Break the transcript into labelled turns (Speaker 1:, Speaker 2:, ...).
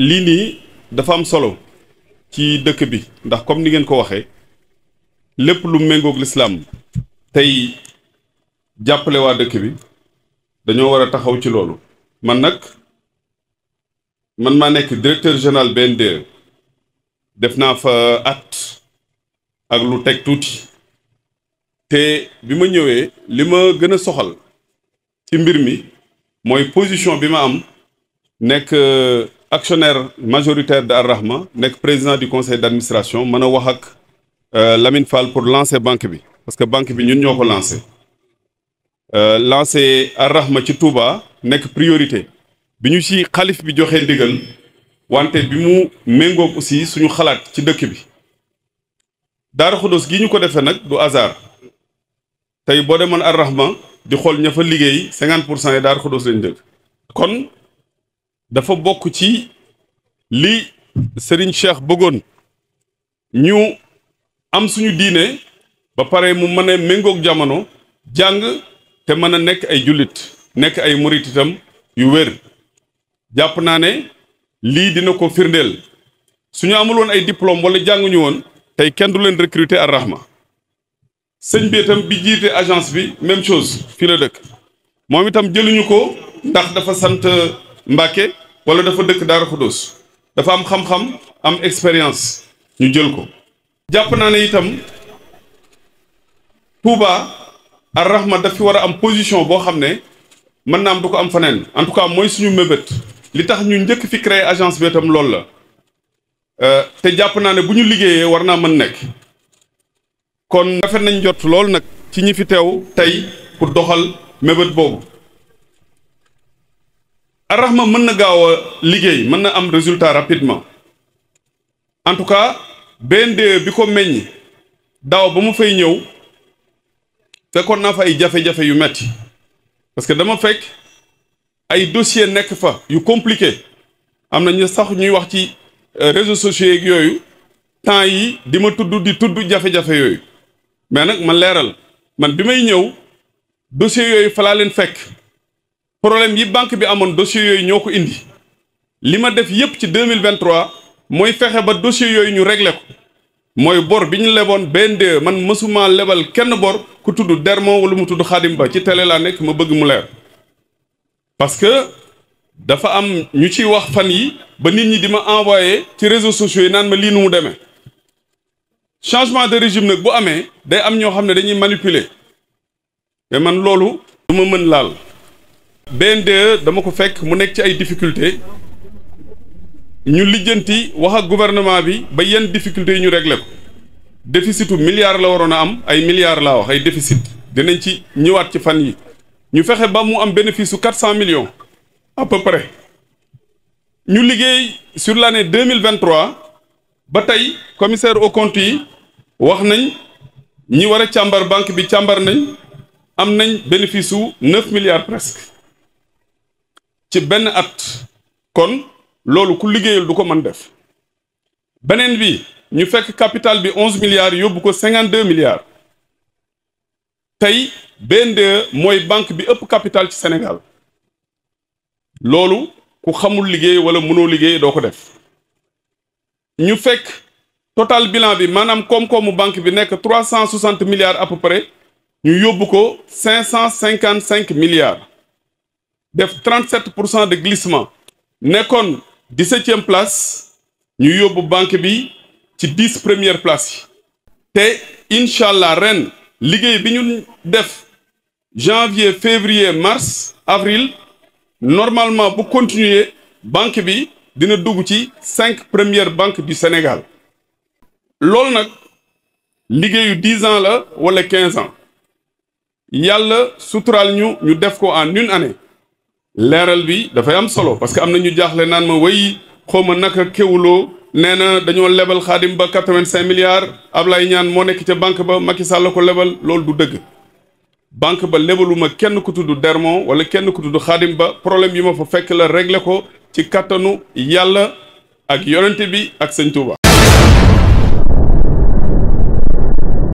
Speaker 1: lii nii dafa am solo ci dëkk bi ndax comme ni ngeen ko waxee lépp lu méngoog lislaam tey jàppale waa dëkk bi dañoo war a taxaw ci loolu man nag man maa nekk directeur général BNDE def naa fa at ak lu teg tuuti te bi ma ñëwee li ma gën a soxal ci mbir mi mooy position bi ma am nekk actionnaire majoritaire de Arrahma président du conseil d'administration mën wahak euh, Lamine Fall pour lancer banque bi parce que banque bi ñun ñoo lancé euh, lancer Arrahma ci Touba nek priorité Biñu ci Khalif bi joxe ndigal wante bi mu Mengo aussi suñu xalaat ci dëkk bi Dar Xudos gi ñu ko defee du hasard Tay bo de Arrahma di xool ña a liggéey cinquante 50% cent Dar lañ dëkk kon dafa bokk ci lii Serigne Cheikh bëggoon ñu am suñu diine ba pare mu mën a méngoog jamono jàng te mën a nekk ay jullit nekk ay murit yu wér jàpp naa ne lii dina ko firndeel suñu amul ay diplôme wala jànguñu woon tey kenn du leen recruter ar rahma sëñ bi bi jiite agence bi même chose fii la dëkk moom itam jëluñu ko ndax dafa sant Mbàkke wala dafa dëkk Daaru Xudóos dafa am xam-xam am expérience ñu jël ko jàpp naa ne itam Touba ar rahma daf fi war a am position boo xam ne mën naa am du ko am faneen en tout cas mooy suñu mébét li tax ñu njëkk fi créer agence bi itam loolu la euh, te jàpp naa ne bu ñu liggéeyee war naa mën nekk kon rafet nañ jot lool nag ci ñi fi teew tey pour doxal mébét boobu arrahma mën na gaaw a liggéey mën na am résultat rapidement en tout cas BNDE bi ko meññ daaw ba mu fay ñëw fekkoon naa fa ay jafe-jafe yu metti parce que dama fekk ay dossier nekk fa yu compliqué am na ñu sax ñuy wax ci euh, réseaux sociaux yooyu temps yi di ma tudd di tudd jafe-jafe yooyu mais nag ma leeral man bi may ñëw dossier yooyu falaa leen fekk problème yi banque bi amoon dossier yooyu ñoo ko indi li ma def yépp ci 2023 mooy fexe ba dossier yooyu ñu réglé ko mooy bor bi ñu leboon BNDE man mësuma lebal kenn bor ku tudd Dermo wala mu tudd Xaadim Ba ci télé laa nekk ma bëgg mu leer parce que dafa am ñu ciy wax fan yi ba nit ñi di ma envoyé ci réseau sociaux yi naan ma lii nu mu demee changement de régime nag bu amee day am ñoo xam ne dañuy manipuler mais man loolu du ma mën laal BNDE dama ko fekk mu nekk ci ay difficulté ñu lijjanti wax ak bi ba yenn difficulté yi ñu réglé ko déficitu milliard la waroon a am ay milliards laa wax ay déficit dinañ ci ñëwaat ci fan yi ñu fexe ba mu am bénéfice su quatre cent millions à peu ñu liggéey sur l' année deux mille vingt ba tey commissaire aux comptes yi wax nañ ñi war a càmbar banque bi càmbar nañ am nañ bénéfice su neuf milliards presque ci benn at kon loolu ku liggéeyul du ko mën def beneen bi ñu fekk capital bi onze milliards yóbbu ko cinquante deux milliards tey BNDE mooy banque bi ëpp capital ci Sénégal loolu ku xamul liggéey wala mënoo liggéey doo ko def ñu fekk total bilan bi maanaam koom-koomu banque bi nekk trois cent soixante milliards à peu près ñu yóbbu ko cinq cent cinquante cinq milliards 37 de glissement nekon 17e place ñu yobbu banque bi 10 premières places té Inshallah reine. liguey def janvier février mars avril normalement bu continuer banque bi dina dugg ci premières banques du Sénégal lol nag liguey 10 ans ou wala 15 ans Yal suturaal ñu ñu ko en une année leeral bi dafay am solo parce que am na ñu jaaxle naan ma way xaw ma naka Kewoulo nee na dañoo lebal xaadim ba quatre-vingt-cinq milliards Ablaye Niane moo nekk ca banque ba Macky Sall la ko lebal loolu du dëgg banque ba lebaluma kenn ku tudd Dermon wala kenn ku tudd xaadim ba problème yi ma fa fekk la régler ko ci kattanu yàlla ak yonente bi ak sëñ Touba.